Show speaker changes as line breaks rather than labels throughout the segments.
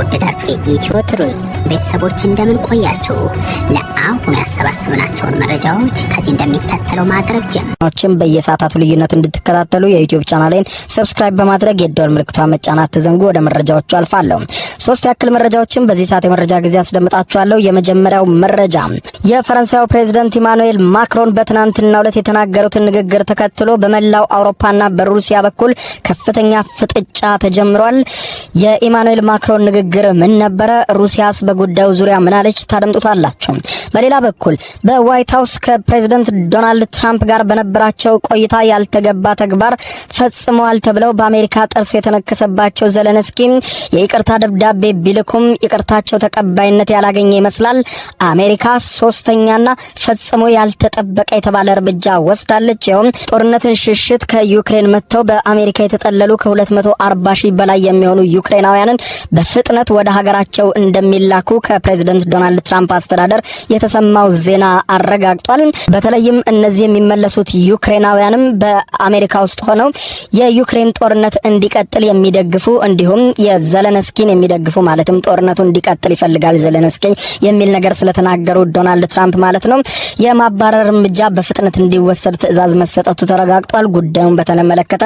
የተወደዳችሁ የኢትዮ ትሩዝ ቤተሰቦች እንደምን ቆያችሁ? አሁን ያሰባሰብናቸውን መረጃዎች ከዚህ እንደሚከተለው ማቅረብ ጀምራችን። በየሰዓታቱ ልዩነት እንድትከታተሉ የዩቲዩብ ቻናሌን ሰብስክራይብ በማድረግ የደወል ምልክቷን መጫናት ትዘንጉ። ወደ መረጃዎቹ አልፋለሁ። ሶስት ያክል መረጃዎችን በዚህ ሰዓት የመረጃ ጊዜ አስደምጣችኋለሁ። የመጀመሪያው መረጃ የፈረንሳዩ ፕሬዚደንት ኢማኑኤል ማክሮን በትናንትናው ዕለት የተናገሩትን ንግግር ተከትሎ በመላው አውሮፓና በሩሲያ በኩል ከፍተኛ ፍጥጫ ተጀምሯል። የኢማኑኤል ማክሮን ንግግር ምን ነበረ? ሩሲያስ በጉዳዩ ዙሪያ ምናለች? ታደምጡታላችሁ። በሌላ በኩል በዋይት ሀውስ ከፕሬዝደንት ዶናልድ ትራምፕ ጋር በነበራቸው ቆይታ ያልተገባ ተግባር ፈጽመዋል ተብለው በአሜሪካ ጥርስ የተነከሰባቸው ዘለንስኪ የይቅርታ ደብዳቤ ቢልኩም ይቅርታቸው ተቀባይነት ያላገኘ ይመስላል። አሜሪካ ሶስተኛና ፈጽሞ ያልተጠበቀ የተባለ እርምጃ ወስዳለች። ይኸውም ጦርነትን ሽሽት ከዩክሬን መጥተው በአሜሪካ የተጠለሉ ከ240 ሺህ በላይ የሚሆኑ ዩክሬናውያንን በፍጥነት ወደ ሀገራቸው እንደሚላኩ ከፕሬዝደንት ዶናልድ ትራምፕ አስተዳደር የተሰማው ዜና አረጋግጧል። በተለይም እነዚህ የሚመለሱት ዩክሬናውያንም በአሜሪካ ውስጥ ሆነው የዩክሬን ጦርነት እንዲቀጥል የሚደግፉ እንዲሁም የዘለነስኪን የሚደግፉ ማለትም ጦርነቱ እንዲቀጥል ይፈልጋል ዘለነስኪ የሚል ነገር ስለተናገሩ ዶናልድ ትራምፕ ማለት ነው የማባረር እርምጃ በፍጥነት እንዲወሰድ ትዕዛዝ መሰጠቱ ተረጋግጧል። ጉዳዩን በተመለከተ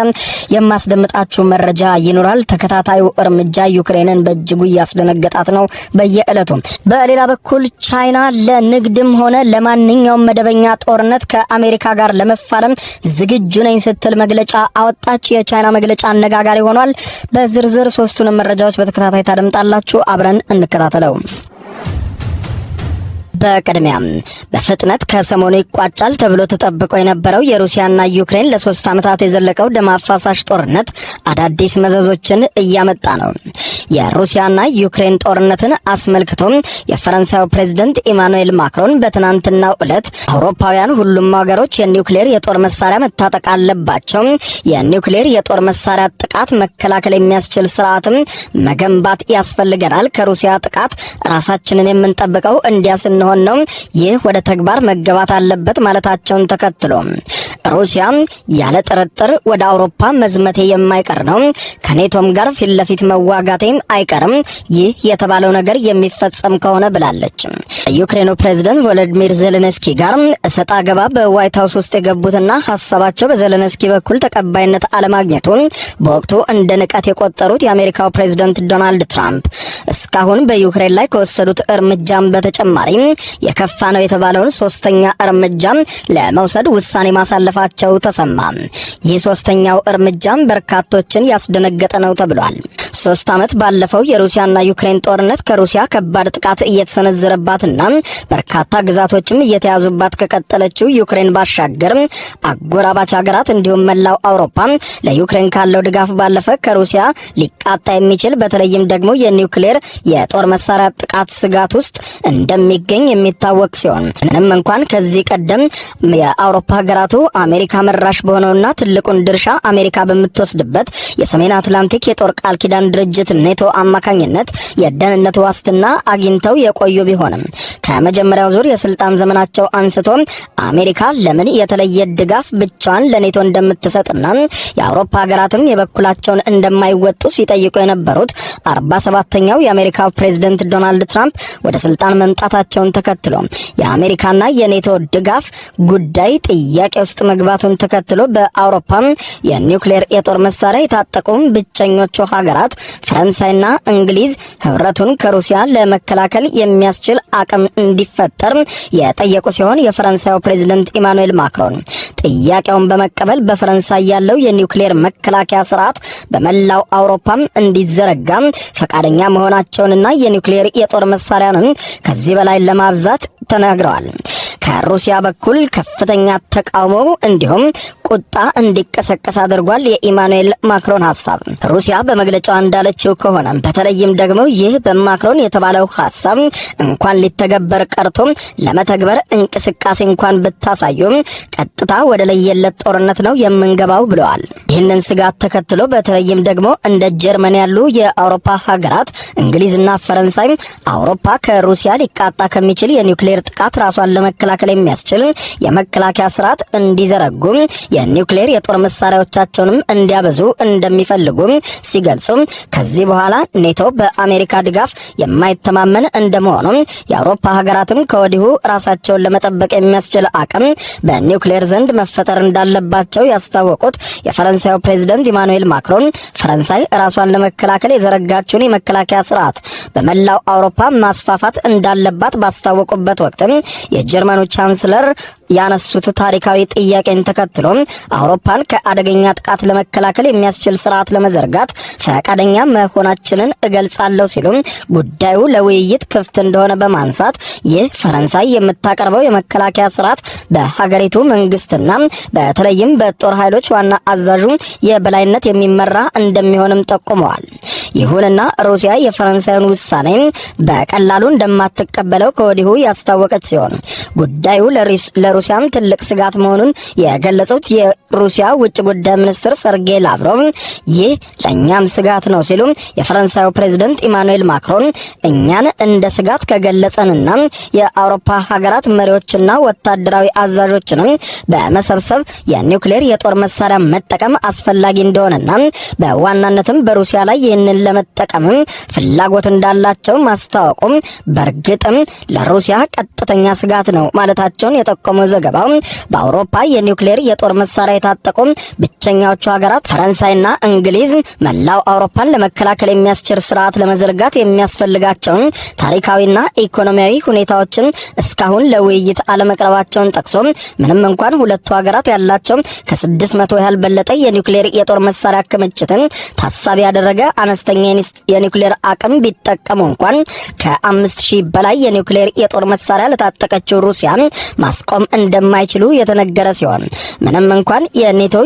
የማስደምጣችሁ መረጃ ይኖራል። ተከታታዩ እርምጃ ዩክሬንን በእጅጉ እያስደነገጣት ነው በየዕለቱ። በሌላ በኩል ቻይና ለ ንግድም ሆነ ለማንኛውም መደበኛ ጦርነት ከአሜሪካ ጋር ለመፋለም ዝግጁ ነኝ ስትል መግለጫ አወጣች። የቻይና መግለጫ አነጋጋሪ ሆኗል። በዝርዝር ሶስቱንም መረጃዎች በተከታታይ ታደምጣላችሁ። አብረን እንከታተለው። በቅድሚያም በፍጥነት ከሰሞኑ ይቋጫል ተብሎ ተጠብቆ የነበረው የሩሲያና ዩክሬን ለሶስት ዓመታት የዘለቀው ደም አፋሳሽ ጦርነት አዳዲስ መዘዞችን እያመጣ ነው። የሩሲያና ዩክሬን ጦርነትን አስመልክቶም የፈረንሳዩ ፕሬዝደንት ኢማኑኤል ማክሮን በትናንትናው ዕለት አውሮፓውያን ሁሉም ሀገሮች የኒውክሌር የጦር መሳሪያ መታጠቅ አለባቸው፣ የኒውክሌር የጦር መሳሪያ ጥቃት መከላከል የሚያስችል ስርዓትም መገንባት ያስፈልገናል፣ ከሩሲያ ጥቃት ራሳችንን የምንጠብቀው እንዲያስ ስንሆን ስለመሆን ነው። ይህ ወደ ተግባር መገባት አለበት ማለታቸውን ተከትሎ ሩሲያ ያለ ጥርጥር ወደ አውሮፓ መዝመቴ የማይቀር ነው፣ ከኔቶም ጋር ፊት ለፊት መዋጋቴም አይቀርም፣ ይህ የተባለው ነገር የሚፈጸም ከሆነ ብላለች። ዩክሬኑ ፕሬዝደንት ቮሎዲሚር ዜሌንስኪ ጋር እሰጣ ገባ በዋይት ሀውስ ውስጥ የገቡትና ሀሳባቸው በዜሌንስኪ በኩል ተቀባይነት አለማግኘቱን በወቅቱ እንደ ንቀት የቆጠሩት የአሜሪካው ፕሬዝደንት ዶናልድ ትራምፕ እስካሁን በዩክሬን ላይ ከወሰዱት እርምጃም በተጨማሪ የከፋ ነው የተባለውን ሶስተኛ እርምጃም ለመውሰድ ውሳኔ ማሳለፋቸው ተሰማ። ይህ ሶስተኛው እርምጃም በርካቶችን ያስደነገጠ ነው ተብሏል። ሶስት ዓመት ባለፈው የሩሲያና ዩክሬን ጦርነት ከሩሲያ ከባድ ጥቃት እየተሰነዘረባትና በርካታ ግዛቶችም እየተያዙባት ከቀጠለችው ዩክሬን ባሻገር አጎራባች ሀገራት እንዲሁም መላው አውሮፓ ለዩክሬን ካለው ድጋፍ ባለፈ ከሩሲያ ሊቃጣ የሚችል በተለይም ደግሞ የኒውክሌር የጦር መሳሪያ ጥቃት ስጋት ውስጥ እንደሚገኝ የሚታወቅ ሲሆን ምንም እንኳን ከዚህ ቀደም የአውሮፓ ሀገራቱ አሜሪካ መራሽ በሆነውና ትልቁን ድርሻ አሜሪካ በምትወስድበት የሰሜን አትላንቲክ የጦር ቃል ኪዳን የአውሮፓውያን ድርጅት ኔቶ አማካኝነት የደህንነት ዋስትና አግኝተው የቆዩ ቢሆንም ከመጀመሪያው ዙር የስልጣን ዘመናቸው አንስቶ አሜሪካ ለምን የተለየ ድጋፍ ብቻዋን ለኔቶ እንደምትሰጥና የአውሮፓ ሀገራትም የበኩላቸውን እንደማይወጡ ሲጠይቁ የነበሩት አርባ ሰባተኛው የአሜሪካ ፕሬዝደንት ዶናልድ ትራምፕ ወደ ስልጣን መምጣታቸውን ተከትሎ የአሜሪካና የኔቶ ድጋፍ ጉዳይ ጥያቄ ውስጥ መግባቱን ተከትሎ በአውሮፓ የኒውክሌር የጦር መሳሪያ የታጠቁ ብቸኞቹ ሀገራት ሀገራት ፈረንሳይና እንግሊዝ ህብረቱን ከሩሲያ ለመከላከል የሚያስችል አቅም እንዲፈጠር የጠየቁ ሲሆን የፈረንሳዩ ፕሬዚደንት ኢማኑኤል ማክሮን ጥያቄውን በመቀበል በፈረንሳይ ያለው የኒውክሌር መከላከያ ስርዓት በመላው አውሮፓም እንዲዘረጋ ፈቃደኛ መሆናቸውንና የኒውክሌር የጦር መሳሪያንም ከዚህ በላይ ለማብዛት ተናግረዋል። ከሩሲያ በኩል ከፍተኛ ተቃውሞ እንዲሁም ቁጣ እንዲቀሰቀስ አድርጓል። የኢማኑኤል ማክሮን ሀሳብ ሩሲያ በመግለጫዋ እንዳለችው ከሆነ በተለይም ደግሞ ይህ በማክሮን የተባለው ሀሳብ እንኳን ሊተገበር ቀርቶ ለመተግበር እንቅስቃሴ እንኳን ብታሳዩ ቀጥታ ወደ ለየለት ጦርነት ነው የምንገባው ብለዋል። ይህንን ስጋት ተከትሎ በተለይም ደግሞ እንደ ጀርመን ያሉ የአውሮፓ ሀገራት እንግሊዝና ፈረንሳይ አውሮፓ ከሩሲያ ሊቃጣ ከሚችል የኒውክሌር ጥቃት ራሷን ለመከላከል የሚያስችል የመከላከያ ስርዓት እንዲዘረጉ የኒውክሌር የጦር መሳሪያዎቻቸውንም እንዲያበዙ እንደሚፈልጉ ሲገልጹ ከዚህ በኋላ ኔቶ በአሜሪካ ድጋፍ የማይተማመን እንደመሆኑ የአውሮፓ ሀገራትም ከወዲሁ ራሳቸውን ለመጠበቅ የሚያስችል አቅም በኒውክሌር ዘንድ መፈጠር እንዳለባቸው ያስታወቁት የፈረንሳዩ ፕሬዚደንት ኢማኑኤል ማክሮን ፈረንሳይ ራሷን ለመከላከል የዘረጋችውን የመከላከያ ስርዓት በመላው አውሮፓ ማስፋፋት እንዳለባት ባስታወቁበት ወቅትም የጀርመኑ ቻንስለር ያነሱት ታሪካዊ ጥያቄን ተከትሎ አውሮፓን ከአደገኛ ጥቃት ለመከላከል የሚያስችል ስርዓት ለመዘርጋት ፈቃደኛ መሆናችንን እገልጻለሁ ሲሉ ጉዳዩ ለውይይት ክፍት እንደሆነ በማንሳት ይህ ፈረንሳይ የምታቀርበው የመከላከያ ስርዓት በሀገሪቱ መንግስትና በተለይም በጦር ኃይሎች ዋና አዛዡ የበላይነት የሚመራ እንደሚሆንም ጠቁመዋል። ይሁንና ሩሲያ የፈረንሳይን ውሳኔ በቀላሉ እንደማትቀበለው ከወዲሁ ያስታወቀች ሲሆን ጉዳዩ ለሩሲያም ትልቅ ስጋት መሆኑን የገለጹት የሩሲያ ውጭ ጉዳይ ሚኒስትር ሰርጌይ ላቭሮቭ ይህ ለእኛም ስጋት ነው ሲሉ የፈረንሳዩ ፕሬዚደንት ኢማኑኤል ማክሮን እኛን እንደ ስጋት ከገለጸንና የአውሮፓ ሀገራት መሪዎችና ወታደራዊ አዛዦችንም በመሰብሰብ የኒውክሌር የጦር መሳሪያ መጠቀም አስፈላጊ እንደሆነና በዋናነትም በሩሲያ ላይ ይህንን ለመጠቀም ፍላጎት እንዳላቸው ማስታወቁም በእርግጥም ለሩሲያ ቀጥተኛ ስጋት ነው ማለታቸውን የጠቆሙ ዘገባ በአውሮፓ የኒውክሌር የጦር መሳሪያ የታጠቁ ብቸኛዎቹ ሀገራት ፈረንሳይና እንግሊዝ መላው አውሮፓን ለመከላከል የሚያስችር ስርዓት ለመዘርጋት የሚያስፈልጋቸውን ታሪካዊና ኢኮኖሚያዊ ሁኔታዎችን እስካሁን ለውይይት አለመቅረባቸውን ጠቅሶ ምንም እንኳን ሁለቱ ሀገራት ያላቸው ከስድስት መቶ ያህል በለጠ የኒውክሌር የጦር መሳሪያ ክምችትን ታሳቢ ያደረገ አነስተኛ የኒውክሌር አቅም ቢጠቀሙ እንኳን ከአምስት ሺህ በላይ የኒውክሌር የጦር መሳሪያ ለታጠቀችው ሩሲያ ማስቆም እንደማይችሉ የተነገረ ሲሆን ምንም እንኳን የኔቶ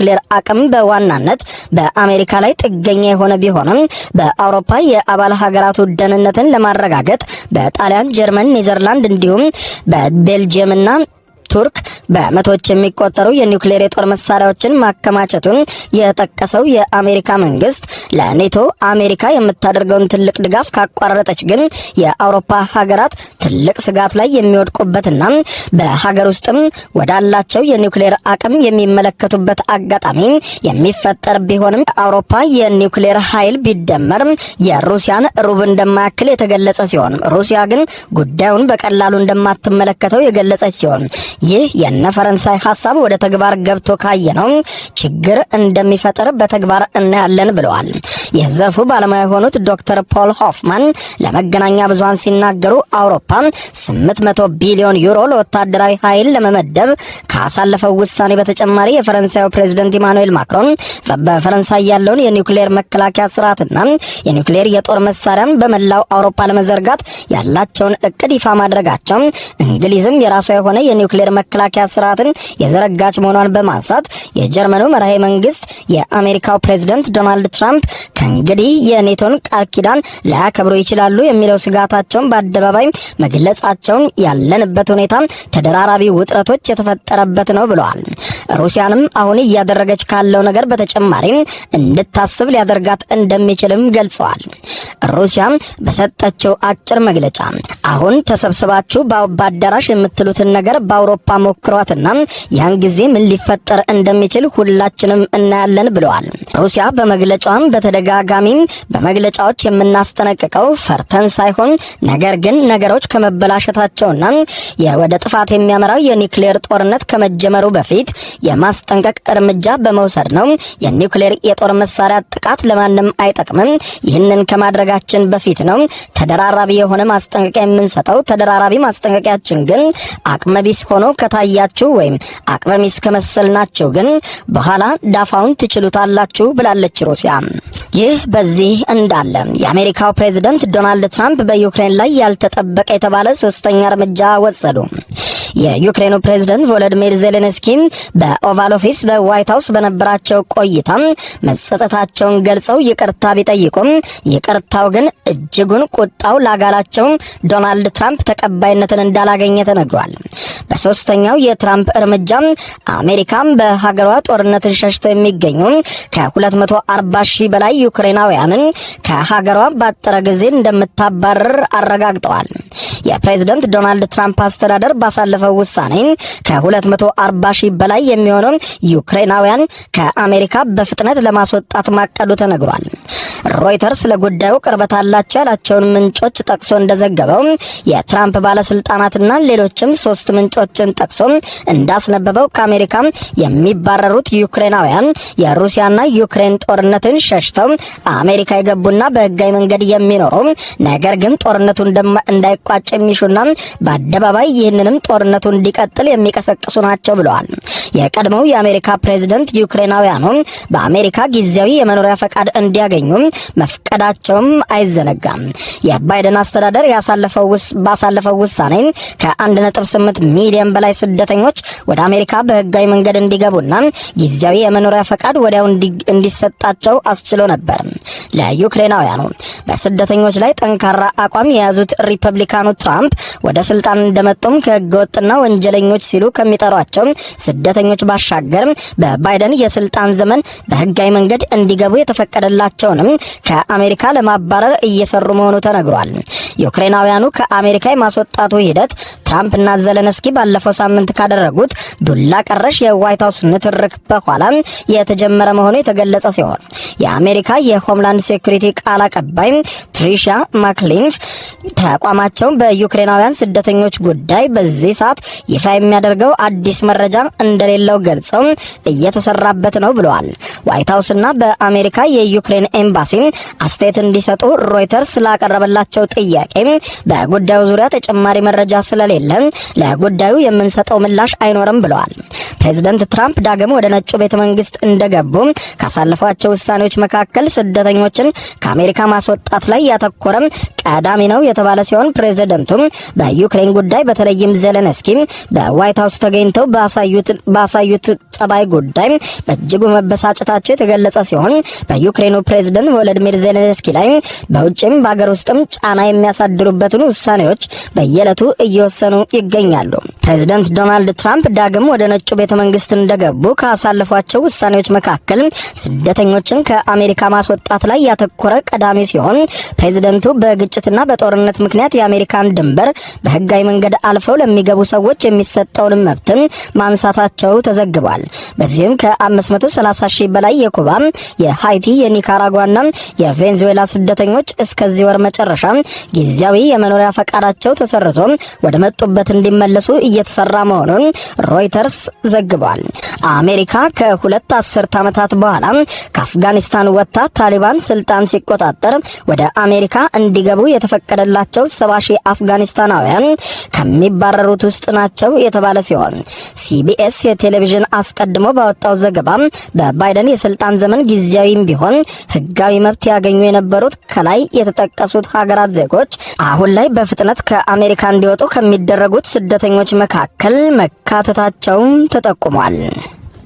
የኒውክሌር አቅም በዋናነት በአሜሪካ ላይ ጥገኛ የሆነ ቢሆንም በአውሮፓ የአባል ሀገራቱ ደህንነትን ለማረጋገጥ በጣሊያን፣ ጀርመን፣ ኔዘርላንድ እንዲሁም በቤልጅየምና ቱርክ በመቶዎች የሚቆጠሩ የኒውክሌር የጦር መሳሪያዎችን ማከማቸቱን የጠቀሰው የአሜሪካ መንግስት ለኔቶ አሜሪካ የምታደርገውን ትልቅ ድጋፍ ካቋረጠች ግን የአውሮፓ ሀገራት ትልቅ ስጋት ላይ የሚወድቁበትና በሀገር ውስጥም ወዳላቸው የኒውክሌር አቅም የሚመለከቱበት አጋጣሚ የሚፈጠር ቢሆንም አውሮፓ የኒውክሌር ኃይል ቢደመር የሩሲያን ሩብ እንደማያክል የተገለጸ ሲሆን ሩሲያ ግን ጉዳዩን በቀላሉ እንደማትመለከተው የገለጸች ሲሆን ይህ የነ ፈረንሳይ ሀሳብ ወደ ተግባር ገብቶ ካየ ነው ችግር እንደሚፈጠር በተግባር እናያለን ብለዋል። የዘርፉ ባለሙያ የሆኑት ዶክተር ፖል ሆፍማን ለመገናኛ ብዙሃን ሲናገሩ አውሮፓ 800 ቢሊዮን ዩሮ ለወታደራዊ ኃይል ለመመደብ ካሳለፈው ውሳኔ በተጨማሪ የፈረንሳዩ ፕሬዚደንት ኢማኑኤል ማክሮን በፈረንሳይ ያለውን የኒውክሌር መከላከያ ስርዓትና የኒውክሌር የጦር መሳሪያን በመላው አውሮፓ ለመዘርጋት ያላቸውን እቅድ ይፋ ማድረጋቸው እንግሊዝም የራሷ የሆነ የኒውክሌር የአየር መከላከያ ስርዓትን የዘረጋች መሆኗን በማንሳት የጀርመኑ መራሄ መንግስት የአሜሪካው ፕሬዝደንት ዶናልድ ትራምፕ ከእንግዲህ የኔቶን ቃል ኪዳን ላያከብሩ ይችላሉ የሚለው ስጋታቸውን በአደባባይ መግለጻቸውን ያለንበት ሁኔታ ተደራራቢ ውጥረቶች የተፈጠረበት ነው ብለዋል። ሩሲያንም አሁን እያደረገች ካለው ነገር በተጨማሪ እንድታስብ ሊያደርጋት እንደሚችልም ገልጸዋል። ሩሲያ በሰጠችው አጭር መግለጫ አሁን ተሰብስባችሁ በአዳራሽ የምትሉትን ነገር በአውሮ አውሮፓ ሞክሯትና ያን ጊዜ ምን ሊፈጠር እንደሚችል ሁላችንም እናያለን ብለዋል። ሩሲያ በመግለጫም በተደጋጋሚ በመግለጫዎች የምናስጠነቅቀው ፈርተን ሳይሆን ነገር ግን ነገሮች ከመበላሸታቸውና ወደ ጥፋት የሚያመራው የኒውክሌር ጦርነት ከመጀመሩ በፊት የማስጠንቀቅ እርምጃ በመውሰድ ነው። የኒውክሌር የጦር መሳሪያ ጥቃት ለማንም አይጠቅምም። ይህንን ከማድረጋችን በፊት ነው ተደራራቢ የሆነ ማስጠንቀቂያ የምንሰጠው። ተደራራቢ ማስጠንቀቂያችን ግን አቅመቢስ ሆኖ ሆነው ከታያችሁ ወይም አቅበሚስ ከመሰልናችሁ ግን በኋላ ዳፋውን ትችሉታላችሁ ብላለች ሩሲያ። ይህ በዚህ እንዳለ የአሜሪካው ፕሬዝደንት ዶናልድ ትራምፕ በዩክሬን ላይ ያልተጠበቀ የተባለ ሶስተኛ እርምጃ ወሰዱ። የዩክሬኑ ፕሬዝደንት ቮሎዲሚር ዜሌንስኪ በኦቫል ኦፊስ በዋይት ሀውስ በነበራቸው ቆይታ መጸጸታቸውን ገልጸው ይቅርታ ቢጠይቁም ይቅርታው ግን እጅጉን ቁጣው ላጋላቸው ዶናልድ ትራምፕ ተቀባይነትን እንዳላገኘ ተነግሯል። በሶስተኛው የትራምፕ እርምጃ አሜሪካም በሀገሯ ጦርነትን ሸሽተው የሚገኙ ከ240 ሺህ በላይ ዩክሬናውያንን ከሀገሯ ባጠረ ጊዜ እንደምታባረር አረጋግጠዋል። የፕሬዝደንት ዶናልድ ትራምፕ አስተዳደር ባሳለፈው ውሳኔ ከ240 ሺህ በላይ የሚሆኑ ዩክሬናውያን ከአሜሪካ በፍጥነት ለማስወጣት ማቀዱ ተነግሯል። ሮይተርስ ለጉዳዩ ቅርበት አላቸው ያላቸውን ምንጮች ጠቅሶ እንደዘገበው የትራምፕ ባለስልጣናትና ሌሎችም ሶስት ምንጮች ምንጮችን ጠቅሶ እንዳስነበበው ከአሜሪካ የሚባረሩት ዩክሬናውያን የሩሲያና ዩክሬን ጦርነትን ሸሽተው አሜሪካ የገቡና በህጋዊ መንገድ የሚኖሩ ነገር ግን ጦርነቱ እንዳይቋጭ የሚሹና በአደባባይ ይህንንም ጦርነቱ እንዲቀጥል የሚቀሰቅሱ ናቸው ብለዋል። የቀድሞው የአሜሪካ ፕሬዝደንት ዩክሬናውያኑ በአሜሪካ ጊዜያዊ የመኖሪያ ፈቃድ እንዲያገኙ መፍቀዳቸውም አይዘነጋም። የባይደን አስተዳደር ባሳለፈው ውሳኔ ከ1.8 ሚ ሚሊዮን በላይ ስደተኞች ወደ አሜሪካ በህጋዊ መንገድ እንዲገቡና ጊዜያዊ የመኖሪያ ፈቃድ ወዲያው እንዲሰጣቸው አስችሎ ነበር። ለዩክሬናውያኑ በስደተኞች ላይ ጠንካራ አቋም የያዙት ሪፐብሊካኑ ትራምፕ ወደ ስልጣን እንደመጡም ከህገወጥና ወንጀለኞች ሲሉ ከሚጠሯቸው ስደተኞች ባሻገር በባይደን የስልጣን ዘመን በህጋዊ መንገድ እንዲገቡ የተፈቀደላቸውንም ከአሜሪካ ለማባረር እየሰሩ መሆኑ ተነግሯል። ዩክሬናውያኑ ከአሜሪካ የማስወጣቱ ሂደት ትራምፕ እና ዘለንስኪ ባለፈው ሳምንት ካደረጉት ዱላ ቀረሽ የዋይት ሀውስ ንትርክ በኋላ የተጀመረ መሆኑ የተገለጸ ሲሆን የአሜሪካ የሆምላንድ ሴኩሪቲ ቃል አቀባይ ትሪሻ ማክሊንፍ ተቋማቸው በዩክሬናውያን ስደተኞች ጉዳይ በዚህ ሰዓት ይፋ የሚያደርገው አዲስ መረጃ እንደሌለው ገልጸው እየተሰራበት ነው ብለዋል። ዋይት እና በአሜሪካ የዩክሬን ኤምባሲ አስተያየት እንዲሰጡ ሮይተርስ ስላቀረበላቸው ጥያቄ በጉዳዩ ዙሪያ ተጨማሪ መረጃ ስለሌለ የለም፣ ለጉዳዩ የምንሰጠው ምላሽ አይኖርም ብለዋል። ፕሬዚደንት ትራምፕ ዳግም ወደ ነጩ ቤተ መንግስት እንደገቡ ካሳለፏቸው ውሳኔዎች መካከል ስደተኞችን ከአሜሪካ ማስወጣት ላይ ያተኮረም ቀዳሚ ነው የተባለ ሲሆን ፕሬዚደንቱም በዩክሬን ጉዳይ በተለይም ዘለንስኪ በዋይት ሀውስ ተገኝተው ባሳዩት ጸባይ ጉዳይ በእጅጉ መበሳጨታቸው የተገለጸ ሲሆን በዩክሬኑ ፕሬዝደንት ቮሎዲሚር ዜሌንስኪ ላይ በውጭም በሀገር ውስጥም ጫና የሚያሳድሩበትን ውሳኔዎች በየዕለቱ እየወሰኑ እየተወሰኑ ይገኛሉ። ፕሬዚደንት ዶናልድ ትራምፕ ዳግም ወደ ነጩ ቤተ መንግስት እንደገቡ ካሳለፏቸው ውሳኔዎች መካከል ስደተኞችን ከአሜሪካ ማስወጣት ላይ ያተኮረ ቀዳሚ ሲሆን ፕሬዚደንቱ በግጭትና በጦርነት ምክንያት የአሜሪካን ድንበር በህጋዊ መንገድ አልፈው ለሚገቡ ሰዎች የሚሰጠውን መብትም ማንሳታቸው ተዘግቧል። በዚህም ከ530 ሺህ በላይ የኩባ፣ የሃይቲ፣ የኒካራጓና የቬንዙዌላ ስደተኞች እስከዚህ ወር መጨረሻ ጊዜያዊ የመኖሪያ ፈቃዳቸው ተሰርዞ ወደ መጡ ወጡበት እንዲመለሱ እየተሰራ መሆኑን ሮይተርስ ዘግቧል። አሜሪካ ከሁለት አስርት ዓመታት በኋላ ከአፍጋኒስታን ወጥታ ታሊባን ስልጣን ሲቆጣጠር ወደ አሜሪካ እንዲገቡ የተፈቀደላቸው ሰባ ሺህ አፍጋኒስታናውያን ከሚባረሩት ውስጥ ናቸው የተባለ ሲሆን ሲቢኤስ የቴሌቪዥን አስቀድሞ ባወጣው ዘገባ በባይደን የስልጣን ዘመን ጊዜያዊም ቢሆን ህጋዊ መብት ያገኙ የነበሩት ከላይ የተጠቀሱት ሀገራት ዜጎች አሁን ላይ በፍጥነት ከአሜሪካ እንዲወጡ ከሚ ከሚደረጉት ስደተኞች መካከል መካተታቸውም ተጠቁሟል።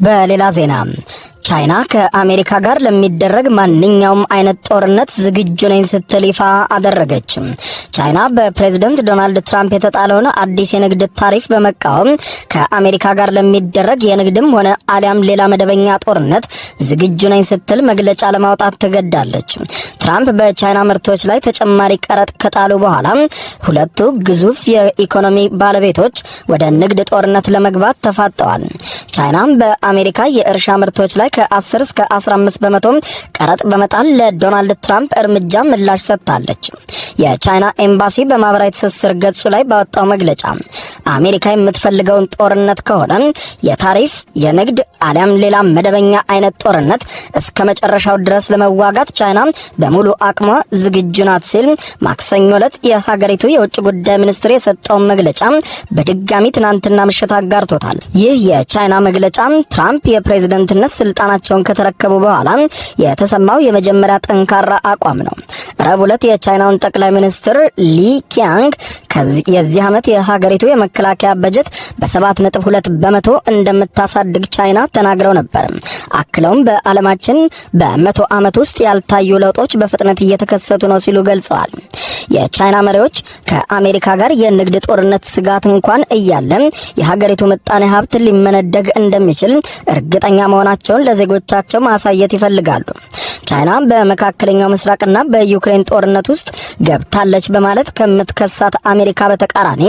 በሌላ ዜና ቻይና ከአሜሪካ ጋር ለሚደረግ ማንኛውም አይነት ጦርነት ዝግጁ ነኝ ስትል ይፋ አደረገች። ቻይና በፕሬዝደንት ዶናልድ ትራምፕ የተጣለውን አዲስ የንግድ ታሪፍ በመቃወም ከአሜሪካ ጋር ለሚደረግ የንግድም ሆነ አሊያም ሌላ መደበኛ ጦርነት ዝግጁ ነኝ ስትል መግለጫ ለማውጣት ትገዳለች። ትራምፕ በቻይና ምርቶች ላይ ተጨማሪ ቀረጥ ከጣሉ በኋላ ሁለቱ ግዙፍ የኢኮኖሚ ባለቤቶች ወደ ንግድ ጦርነት ለመግባት ተፋጠዋል። ቻይናም በአሜሪካ የእርሻ ምርቶች ላይ ከ10 እስከ 15 በመቶ ቀረጥ በመጣል ለዶናልድ ትራምፕ እርምጃ ምላሽ ሰጥታለች። የቻይና ኤምባሲ በማህበራዊ ትስስር ገጹ ላይ ባወጣው መግለጫ አሜሪካ የምትፈልገውን ጦርነት ከሆነ የታሪፍ የንግድ አሊያም ሌላ መደበኛ አይነት ጦርነት እስከ መጨረሻው ድረስ ለመዋጋት ቻይና በሙሉ አቅሟ ዝግጁ ናት ሲል ማክሰኞ ዕለት የሀገሪቱ የውጭ ጉዳይ ሚኒስትር የሰጠውን መግለጫ በድጋሚ ትናንትና ምሽት አጋርቶታል። ይህ የቻይና መግለጫ ትራምፕ የፕሬዝደንትነት ስልጣን ስልጣናቸውን ከተረከቡ በኋላ የተሰማው የመጀመሪያ ጠንካራ አቋም ነው። ረቡዕ ዕለት የቻይናውን ጠቅላይ ሚኒስትር ሊ ኪያንግ የዚህ ዓመት የሀገሪቱ የመከላከያ በጀት በ 2 በመቶ እንደምታሳድግ ቻይና ተናግረው ነበር። አክለውም በዓለማችን በመቶ ዓመት ውስጥ ያልታዩ ለውጦች በፍጥነት እየተከሰቱ ነው ሲሉ ገልጸዋል። የቻይና መሪዎች ከአሜሪካ ጋር የንግድ ጦርነት ስጋት እንኳን እያለም የሀገሪቱ ምጣኔ ሀብት ሊመነደግ እንደሚችል እርግጠኛ መሆናቸውን ለዜጎቻቸው ማሳየት ይፈልጋሉ። ቻይና በመካከለኛው ምስራቅና በዩክሬን ጦርነት ውስጥ ገብታለች በማለት ከምትከሳት አሜሪካ በተቃራኒ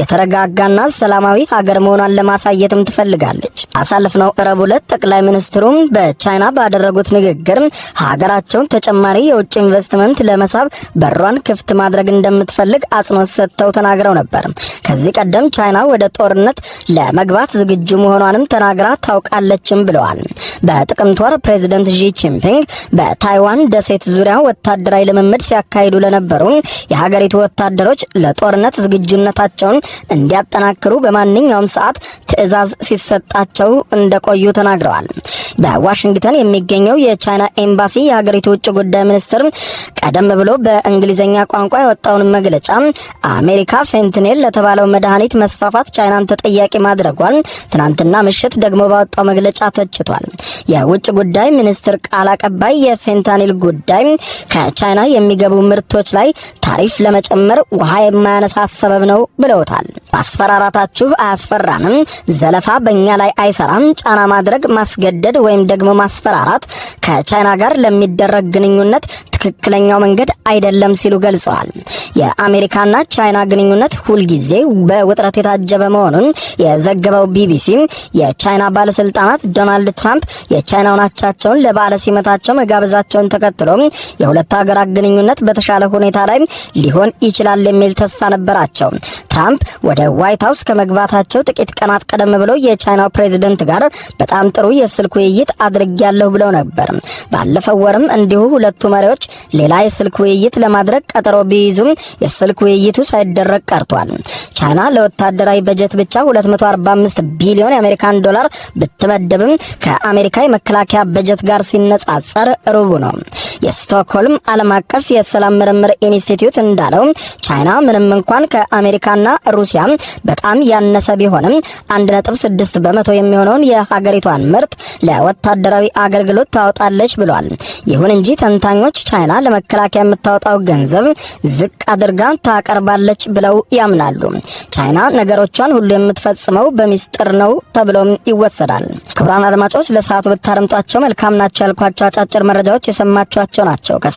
የተረጋጋና ሰላማዊ ሀገር መሆኗን ለማሳየትም ትፈልጋለች። አሳለፍነው ረቡዕ ዕለት ጠቅላይ ሚኒስትሩም በቻይና ባደረጉት ንግግር ሀገራቸውን ተጨማሪ የውጭ ኢንቨስትመንት ለመሳብ በሯን ክፍት ማድረግ እንደምትፈልግ አጽንኦት ሰጥተው ተናግረው ነበር። ከዚህ ቀደም ቻይና ወደ ጦርነት ለመግባት ዝግጁ መሆኗንም ተናግራ ታውቃለችም ብለዋል። በጥቅምት ወር ፕሬዚደንት ዢ ጂንፒንግ በታይዋን ደሴት ዙሪያ ወታደራዊ ልምምድ ሲያካሂዱ ለነበሩ የሀገሪቱ ወታደሮች ለጦርነት ዝግጁነታቸውን እንዲያጠናክሩ በማንኛውም ሰዓት ትዕዛዝ ሲሰጣቸው እንደቆዩ ተናግረዋል። በዋሽንግተን የሚገኘው የቻይና ኤምባሲ የሀገሪቱ ውጭ ጉዳይ ሚኒስትር ቀደም ብሎ በእንግሊዝኛ ቋንቋ የወጣውን መግለጫ አሜሪካ ፌንትኔል ለተባለው መድኃኒት መስፋፋት ቻይናን ተጠያቂ ማድረጓል ትናንትና ምሽት ደግሞ ባወጣው መግለጫ ተችቷል። የውጭ ጉዳይ ሚኒስትር ቃል አቀባይ የፌንታኒል ጉዳይ ከቻይና የሚገቡ ምርቶች ላይ ታሪፍ ለመጨመር ውሃ የማያነሳ ሰበብ ነው ብለውታል። ማስፈራራታችሁ አያስፈራንም፣ ዘለፋ በእኛ ላይ አይሰራም። ጫና ማድረግ፣ ማስገደድ ወይም ደግሞ ማስፈራራት ከቻይና ጋር ለሚደረግ ግንኙነት ትክክለኛው መንገድ አይደለም ሲሉ ገልጸዋል። የአሜሪካና ቻይና ግንኙነት ሁልጊዜ በውጥረት የታጀበ መሆኑን የዘገበው ቢቢሲ የቻይና ባለስልጣናት ዶናልድ ትራምፕ የቻይናውን አቻቸውን ለበዓለ ሲመታቸው መጋበዛቸውን ተከትሎ የሁለቱ ሀገራት ግንኙነት በተሻለ ሁኔታ ላይ ሊሆን ይችላል የሚል ተስፋ ነበራቸው። ትራምፕ ወደ ዋይት ሀውስ ከመግባታቸው ጥቂት ቀናት ቀደም ብለው የቻይናው ፕሬዚደንት ጋር በጣም ጥሩ የስልክ ውይይት አድርጌያለሁ ብለው ነበር። ባለፈው ወርም እንዲሁ ሁለቱ መሪዎች ሌላ የስልክ ውይይት ለማድረግ ቀጠሮ ቢይዙም የስልክ ውይይቱ ሳይደረግ ቀርቷል። ቻይና ለወታደራዊ በጀት ብቻ 245 ቢሊዮን የአሜሪካን ዶላር ብትመደብም ከአሜሪካ የመከላከያ በጀት ጋር ሲነጻጸር ሩቡ ነው። የስቶክሆልም ዓለም አቀፍ የሰላም ምርምር ኢንስቲትዩት እንዳለው ቻይና ምንም እንኳን ከአሜሪካና ሩሲያ በጣም ያነሰ ቢሆንም 1.6 በመቶ የሚሆነውን የሀገሪቷን ምርት ለወታደራዊ አገልግሎት ታወጣለች ብሏል። ይሁን እንጂ ተንታኞች ቻይና ለመከላከያ የምታወጣው ገንዘብ ዝቅ አድርጋ ታቀርባለች ብለው ያምናሉ። ቻይና ነገሮቿን ሁሉ የምትፈጽመው በሚስጥር ነው ተብሎም ይወሰዳል። ክቡራን አድማጮች ለሰዓቱ ብታደምጧቸው መልካም ናቸው ያልኳቸው አጫጭር መረጃዎች የሰማችኋቸው ናቸው።